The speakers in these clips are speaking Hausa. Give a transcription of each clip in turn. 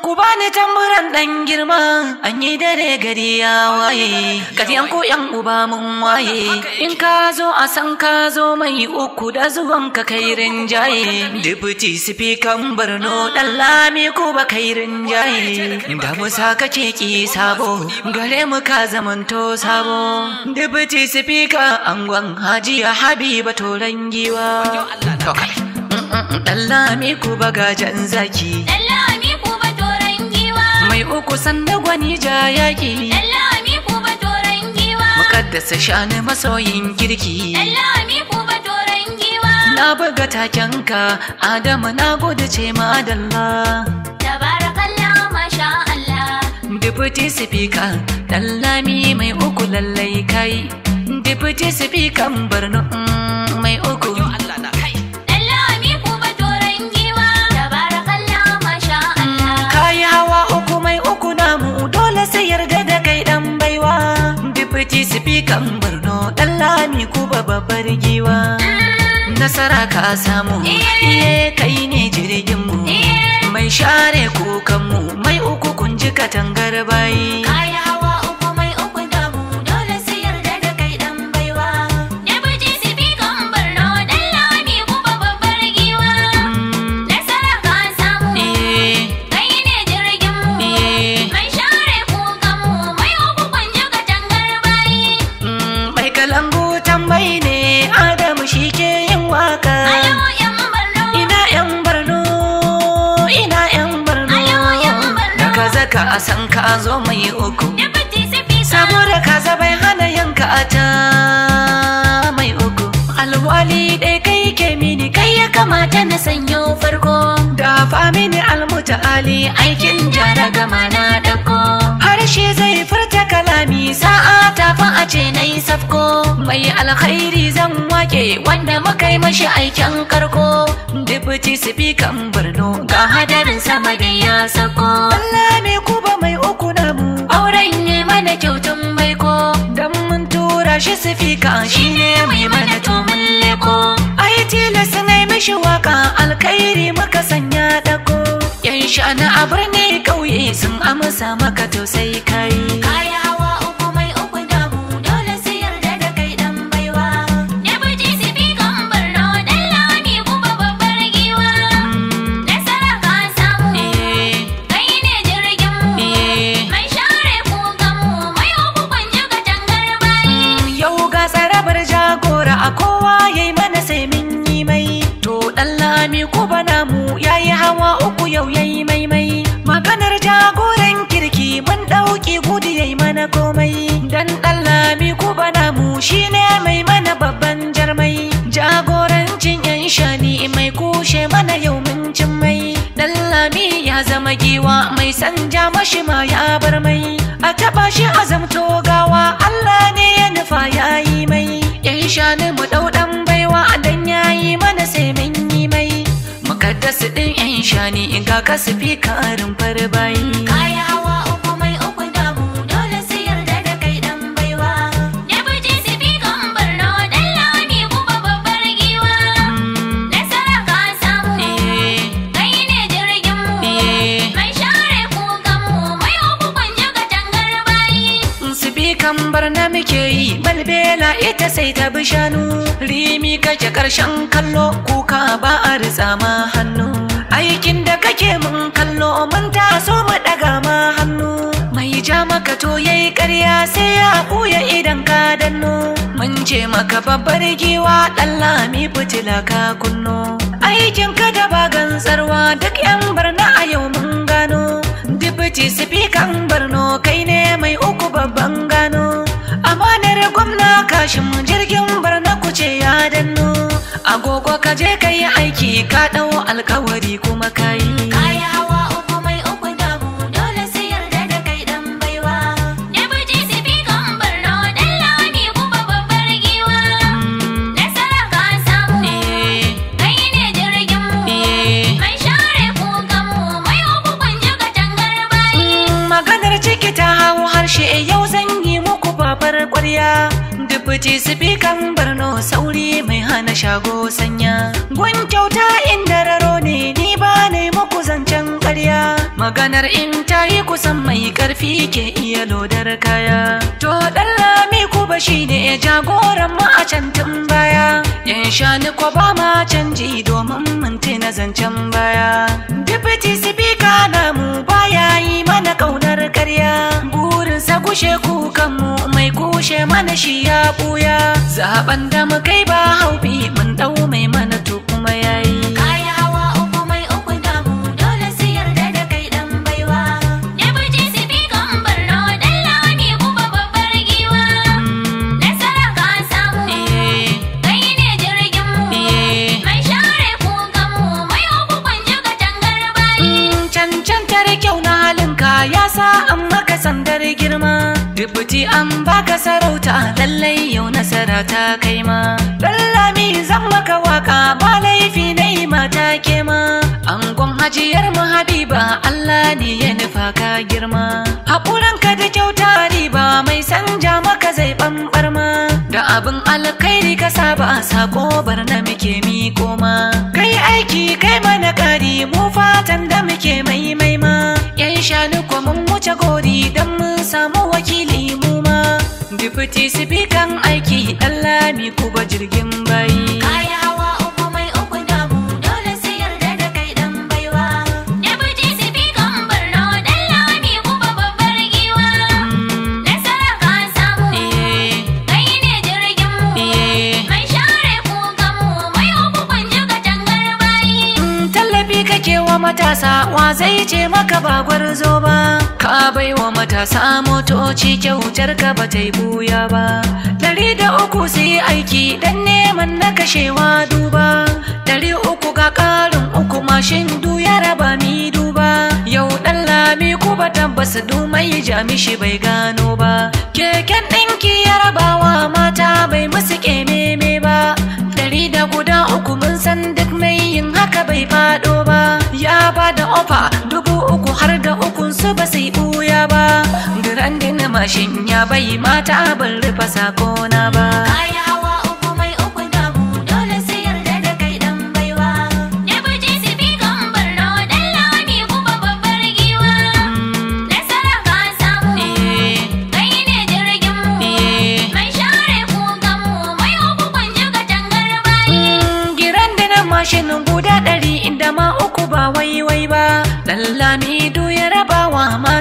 ku bani tamburan dan girma an yi dare gari ya waye ƙaryan ku yan uba mun waye in ka zo a san ka zo mai uku da zuwan ka kai rinjaye dubuti sifikan barno dan lami ku ba kai rinjaye da musa ka ce ki sabo gare mu ka zamanto sabo dubuti sifika angon hajiya habiba to giwa Allah mi ku jan zaki. uku san da gwani ja yaki Lallami ku ba toran giwa Mukaddasa shani masoyin girki Lallami ku ba toran giwa Na buga takenka Adamu na gode ce ma dalla Tabarakallah masha Allah Deputy speaker dallami mai uku lallai kai Deputy speaker Barno mm, mai uku sifikan barno Ɗan lami kuba babbar giwa nasara ka samu iye kai ne jirgin mu mai share kukan mai uku kun ji katangar bayi gama ta na sanyo farko dafa mini almuta ali aikin jara gama na dako harshe zai furta kalami sa'a ta fa ce na yi safko mai alkhairi zan wake wanda muka yi mashi aikin karko dubuti sifikan birno ga hadarin sama da ya sako Allah mai kuba mai uku mu auren ne mana kyautun baiko don mun tura shi sifika shine mai mana to shi waka alkhairi muka sanya dako yan shana a birni kauye sun amsa maka to sai kai kaya shine mai mana babban jarmai jagorancin yan shani mai kushe mana yau mun mai dan lami ya zama giwa mai san ja mashi ma ya bar mai a taba shi azamto gawa Allah ne ya nufa yayi mai yan shani mu daudan baiwa dan yayi mana sai mun yi mai mukaddas din yan shani in ga kasu fi karin farbayi ta bi shanu rimi kake karshen kallo kuka ba a ritsa ma hannu aikin da kake mun kallo mun taso mu daga ma hannu mai ja maka to yayi ƙarya sai ya ɓuya idan ka danno mun ce maka babbar giwa ɗan lami fitila ka kunno aikin ka da ba gantsarwa duk yan barna a yau mun gano dibiti sifikan barno kai ne mai uku babban kashin jirgin na kuce ya danno agogo ka je ka yi aiki ka ɗau alkawari kuma ka yi Fuji zubi kan barno sauri mai hana shago sanya. Gwan kyauta in raro ne ni ba ne muku zancen karya. Maganar in ta yi kusan mai karfi ke iya lodar kaya. To ɗan lami ku ba shi ne jagoran mu a can tun baya. Yan shani ko ba ma canji domin minti na zancen baya. Dibiti sibika namu baya yi mana ƙaunar karya. Burinsa kushe kukanmu na shi ya buya zaɓen da mu kai ba haufi mun dau mai mana Dubuti an baka sarauta lallai yau nasara ta kai ma. dallami zan maka waka ba laifi na yi mata ke ma. Angon hajiyar mu Habiba Allah ne ya nufa ka girma. Haƙuranka da kyauta riba mai sanja maka zai ɓamɓar ma. Da abin alkhairi ka saba sako bar na muke mi koma. Kai aiki kai mana ƙari mu fatan da muke mai mai ma. shanu ko mun wuce gori dan mun samu wakili mu ma. Dipiti sifikan aiki ɗan lami kuba jirgin bayi. matasa wa zai ce maka ba gwarzo ba ka baiwa matasa motoci kyautar ka ba ta yi buya ba dari da uku su yi aiki dan neman na kashewa duba dari uku ga ƙarin uku mashin du ya raba ni duba yau dan lami ku ba tabbas du mai jamishi bai gano ba keken ɗinki ya raba wa mata bai musu kememe ba dari da guda uku mun san duk mai yin haka bai faɗo ba na ba da ofa dubu uku har da ukun su ba sai ɓuya ba grandin mashin ya bai mata ban rufa sakona ba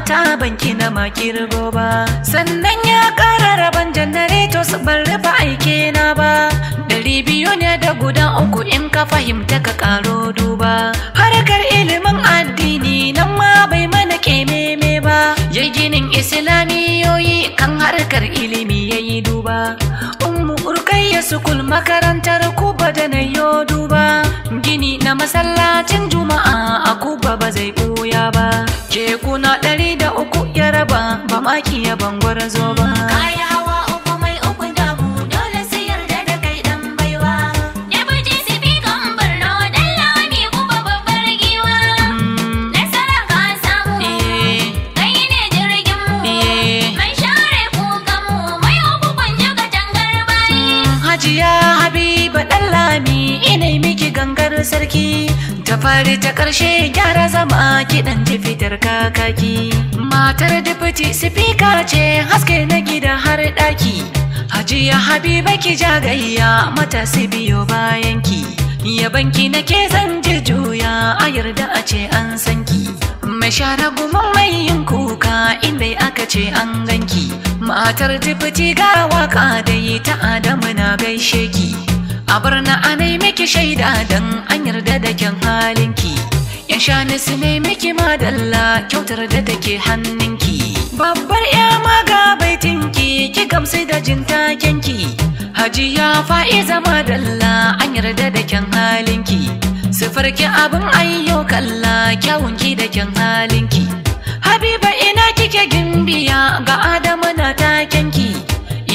mata banki na kirgo ba sannan ya ƙara rabon janareto su ban rufe aike na ba Dari biyu ne da guda uku in ka fahimta ka ƙaro duba harkar ilimin addini nan ma bai mana kememe ba ya ginin islamiyoyi kan harkar ilimi ya yi duba urkai urkayya sukul makarantar kuba da na yo duba gini na masallacin juma'a a kuba ba zai Ke na ɗari da uku ya raba ba maki ya bangwara zo ba. hajiya habiba ɗan Lami inai miki gangar sarki ta fari ta ƙarshe gyara zama kiɗan ji fitar kakaki matar dufiti sifika ce haske na gida har ɗaki hajiya habiba ki ja jagayya matasi biyo bayanki yabanki nake zan ji juya a yarda a ce an sanki mai share mai yin kuka inda aka ce an ganki matar tafiti ga waka yi ta adamu na gaishe ki a barna anai miki shaida don an yarda da kyan halinki sha ni su ne miki madalla kyautar da take hannunki babbar ya maga baitinki ki gamsu da jin takenki hajiya fa'iza madalla an yarda da kyan halinki Sifarki abin ayyo kalla kyawun da kyan halinki. Habiba ina kike gimbiya ga Adamu na takenki.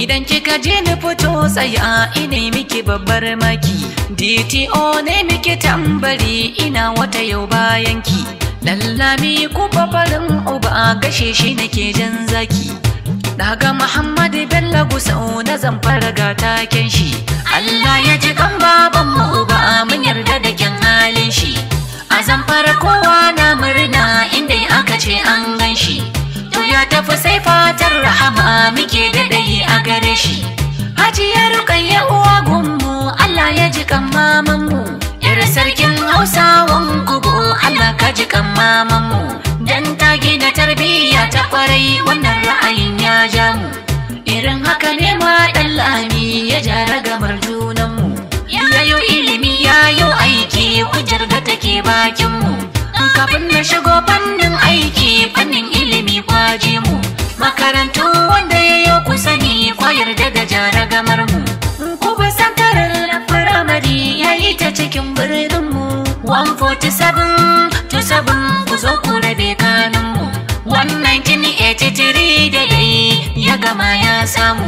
Idan kika je ni fito a ina miki babbar maki. DTO ne miki tambari ina wata yau bayanki. Lallami ku farin uba gashe shi nake jan zaki. Daga Muhammadu Bello Gusau na zamfara ga taken shi. Allah ya ji kan babanmu uba mun yarda da ke ganin shi a zamfara kowa na murna inda aka ce an gan shi to ya tafi sai fatar rahama muke daɗayi a gare shi hajiyar ya uwa gunmu allah ya ji kan mu ir sarkin hausawan gugu allah ka ji kan mu dan ta gina tarbiyya ta kwarai wannan ra'ayin ya ja mu irin haka ne ma ɗan lami ya jara bakinmu kafin na shigo fannin aiki fannin ilimi kwaje mu makarantu wanda ya yi kusa sani kwayar daga gamar mu kuma sankarar na firamare ya yi ta cikin birnin mu 147 to 7 ku zo ku rabe kanin mu 1983 da dai ya gama ya samu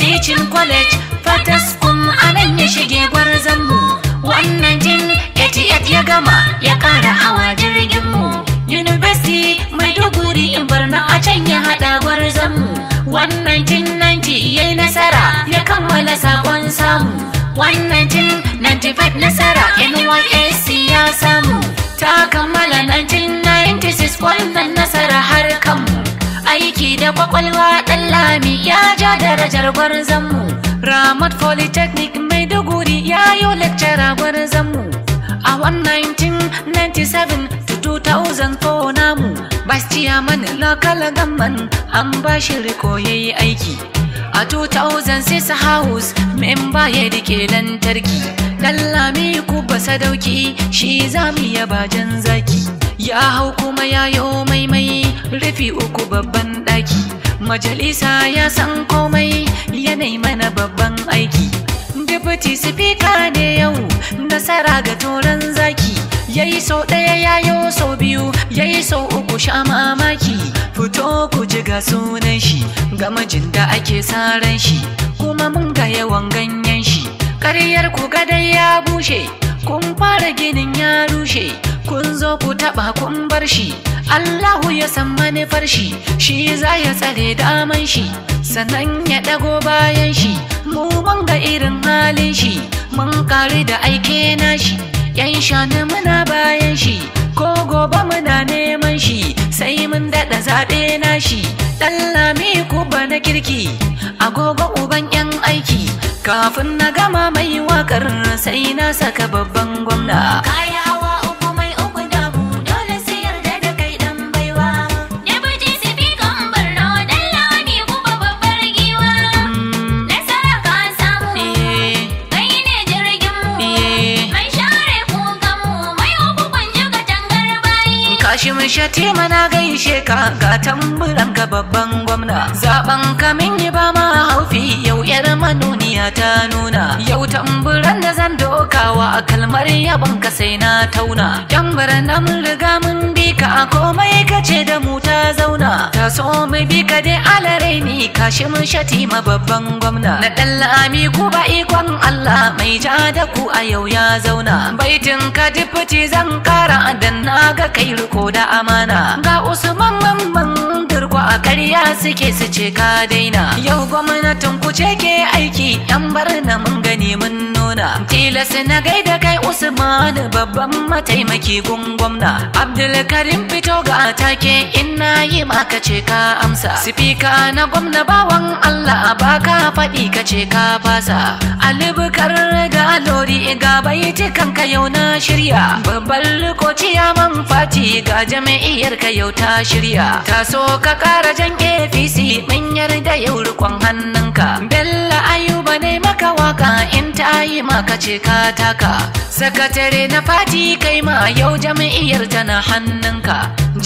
teaching college fatas kun anan ya shige gwarzon mu 1983 NTF ya gama ya ƙara hawa jirgin mu. University Maiduguri in Borno a can ya haɗa gwarzon mu. ya yi nasara ya kammala sabon samu. 1995 nasara NYSC ya samu. Ta kammala 1996 wannan nasara har kanmu. Aiki da kwakwalwa ɗan lami ya ja darajar gwarzon mu. Ramat Polytechnic Maiduguri ya yi lecturer gwarzon mu. a 1997 to 2004 namu vice chairman local government an ba shi riko yayi aiki a 2006 house memba ya rike lantarki lallami kuba sadauki shi zami ya bajan zaki ya hau kuma ya yi maimai rufi uku babban daki majalisa ya san komai yanayi mana babban aiki Dibiti sifika ne yau nasara ga turan zaki yayi sau ɗaya yayo sau biyu yayi sau uku sha mamaki fito ku ji ga sunan shi ga majin da ake saran shi kuma mun ga yawan ganyen shi ƙaryar ku gadai ya bushe kun fara ginin ya rushe kun zo ku taɓa kun bar shi Allahu ya san manufar shi shi za ya tsare daman shi sannan ya ɗago bayan shi mu mun ga irin halin shi mun kare da aike na shi yan shanu muna bayan shi ko gobe muna neman shi sai mun dada zaɓe na shi ɗan lami kuba na kirki agogo uban yan aiki kafin na gama mai wakar sai na saka babban gwamna. wa a kalmar yabon ka sai na tauna yan bara na mun riga mun bi ka a komai ka ce da mu ta zauna ta so mu bi ka dai alare ni ka shi mun shati ma babban gwamna na dan lami ku ba ikon Allah mai ja da ku a yau ya zauna baitin ka dipti zan kara dan na ga kai riko da amana ga Usman mamman dirko a karya suke su ce ka daina yau gwamnatin ku ce ke aiki yan bar na mun gani mun nuna tilas na gaida kai Usman babban mataimaki gun gwamna Abdul karin fito ga take in maka ce ka amsa sifika na gwamna bawan Allah ka faɗi ka ce ka fasa alibukar ga lori ga baiti kanka yau na shirya babban ya man fati ga jami'iyar ka yau ta shirya taso ka kara jan APC manyar da yau rikon hannunka bella ayuba ne taka waka in ta yi maka ce ka taka sakatare na fati kai ma yau jami'iyar ta na hannunka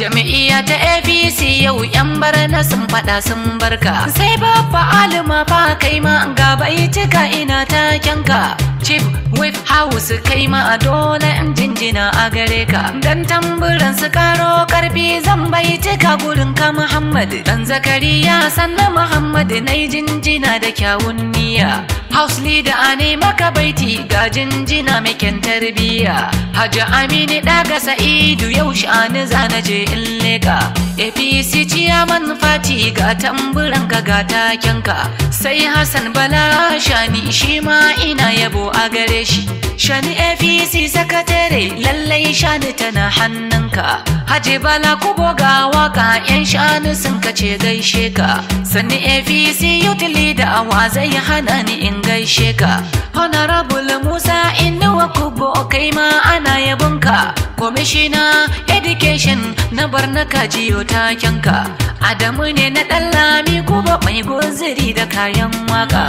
jami'iya ta A.B.C yau yan barna sun fada sun barka sai babba alima fa kai ma ga bai cika ina takenka chief whip house kai ma dole in jinjina a gare ka dan tamburan su karo karfi zan bai cika gurin ka muhammad dan zakariya sannan muhammad nai jinjina da kyawun niyya house Maslida da ane maka baiti ga jinjina mai kyan tarbiya Hajji Aminu ɗaga Sa'idu yau sha'ani zana je in leka. APC ciyaman fati ga tamburan ka ga takenka Sai Hassan Bala Shani shi ma ina yabo a gare shi Shani APC sakatare lallai shani tana hannunka Haji Bala ku boga waka yan shani sun kace gaishe ka Sani APC youth da wa zai hana ni in gaishe gaishe sheka honorable musa inuwa kubo kai ma ana yabonka commissioner education na barna kajiyo takenka adamu ne na ɗan lami kuma mai guziri da kayan waka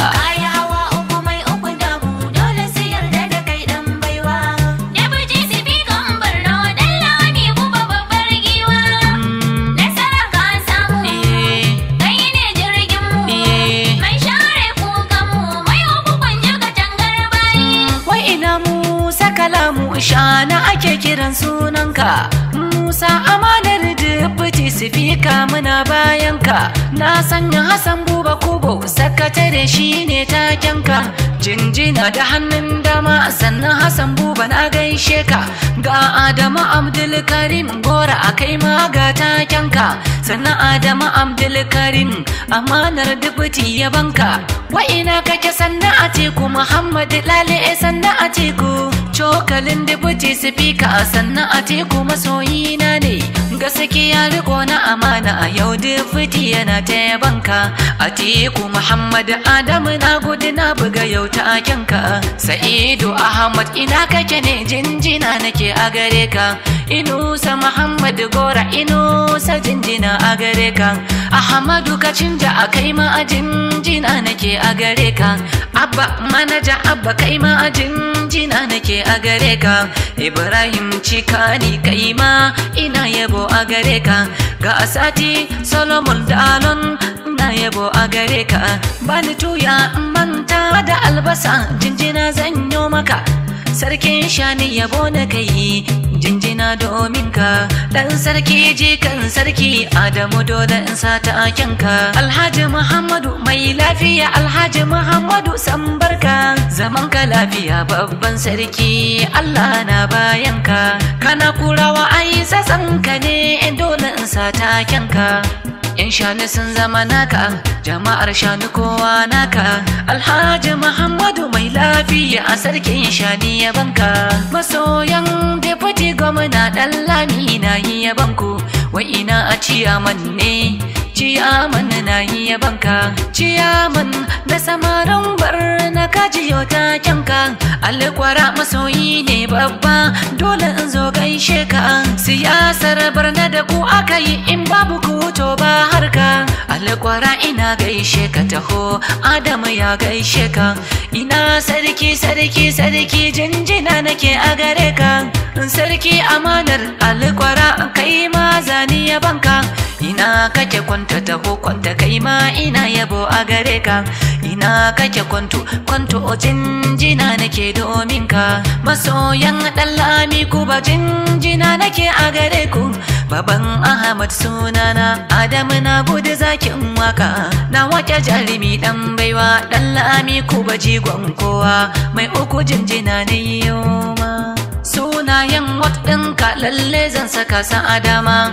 Musa amanar dubuti sifika muna bayanka na sanya Hassan Buba Kubo sakatare shine takenka jinjina da hannun dama sannan Hassan Buba na gaishe ka ga Adamu abdulkarim Karim a akai ma ga takenka sannan abdul karim amanar dubuti ya banka wa ina kake sannan a teku Muhammad Lale eh, sannan a teku cokalin dubuti sifika sannan a teku masoyina ne gaskiya riko na amana a yau fiti yana ta banka atiku muhammad adamu na gudu na buga yau kanka, sa'idu ahmad ina kake ne jinjina nake a gare ka inusa muhammad gora inusa jinjina a gare ka ahmadu ka canja a kai ma a jinjina nake a gare ka abba manaja abba kai ma a jinjina nake a ka Ibrahim Cikani kai ma ina yabo a gare ka ga asati Solomon Dalon ina yabo a gare ka bani tuya manta da albasa jinjina zan yi maka sarkin shani yabo na kai jinjina domin ka dan sarki kan sarki adamu dole in sa ta ka alhaji muhammadu mai lafiya alhaji muhammadu san barka zaman ka lafiya babban sarki allah na bayan ka kana kurawa ai sasan ka ne dole in sa ta ka yan shanu sun zama naka jama'ar shanu kowa naka alhaji muhammadu mai lafiya a sarkin shani ya banka masoyan deputy gwamna dan lami na yi ya banku wai ina a ciyaman ne ciyaman na yi banka ciyaman da samaran barna ka jiyo takenka alkwara masoyi ne babba dole in zo gaishe ka siyasar barna da ku aka yi in babu ku to ba harka alkwara ina gaishe ka taho adam ya gaishe ka ina sarki sarki sarki jinjina nake a gare ka sarki amanar alkwara kai ma zani banka. ina kake kwanta taho kwanta kai ma ina yabo a gare ka ina kake kwanto kwanto o jinjina nake domin ka masoyan dallami ku ba jinjina nake a gare ku baban ahmad sunana adamu na gudu zakin waka na wake jarumi dan baiwa dallami ku ba jigon kowa mai uku jinjina ne ma sunayen wat ɗinka lalle zan saka sa a dama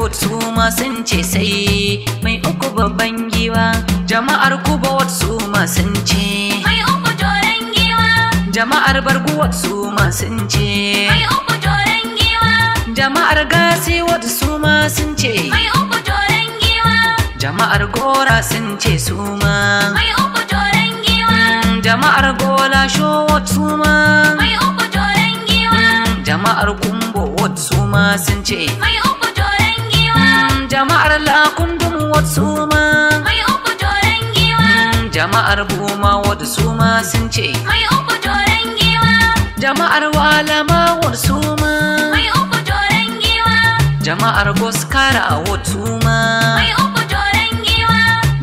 wat su ma sun ce sai mai uku babban giwa jama'ar kuba wat su ma sun ce mai uku joren giwa jama'ar bargu wat su ma sun ce mai uku joren giwa jama'ar gasi wat su ma sun ce mai uku joren giwa jama'ar gora sun ce su ma mai uku joren giwa jama'ar gola show wat su ma mai uku jama'ar gumbo wat su ma sun ce mai uku joren giwa mm, jama'ar lakundun wat su ma mai uku joren giwa mm, jama'ar buma wat su ma sun ce mai uku joren giwa jama'ar walama wat su ma mai uku joren giwa jama'ar goskara wat su ma mai uku joren giwa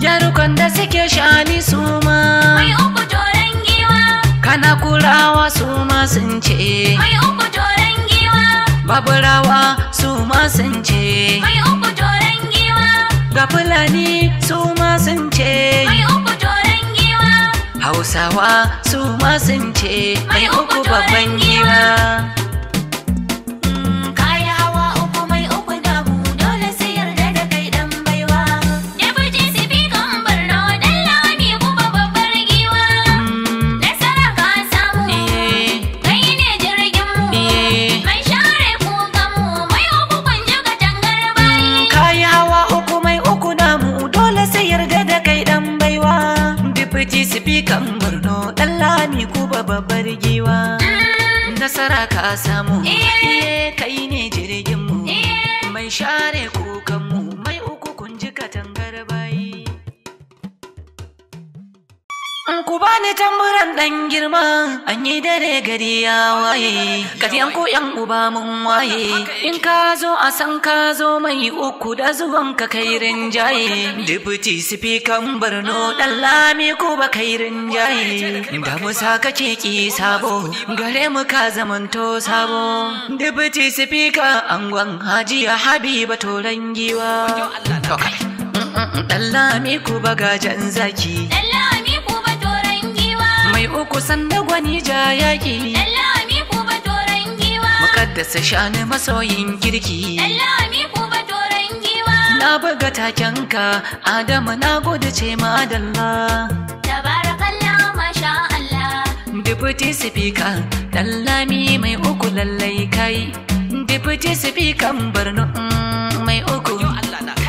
yarukan da suke shani su ma mai uku joren giwa kana kulawa su ma sun ce mai uku toren baburawa su ma sun ce mai uku joren giwa ga fulani su ma sun ce mai uku joren giwa hausawa su ma sun ce mai uku babban giwa ji sifikan murno ɗan lami kuba babbar giwa nasara ka samu eh. Eh, kai ne jirgin mu eh. mai share kuka ku bani tamburan dan girma an yi dare gari ya waye kafin ku yan uba mun waye in ka zo a san ka zo mai uku da zuban ka kai rinjaye dubuti sifikan barno dan lami ku ba kai rinjaye da musa ce ki sabo gare mu ka zamanto sabo dubuti sifika angon ya habiba toran giwa Allah mi ku jan zaki. uku sanda gwani ja yaki Allah mi ku ba toran giwa Mukaddasa shani masoyin kirki Allah mi ku ba toran giwa Na buga takenka Adamu na gode ce madalla Tabarakallah masha Allah Deputy speaker Dallami mai uku lallai kai Deputy speaker Borno mm, mai uku Yo Allah na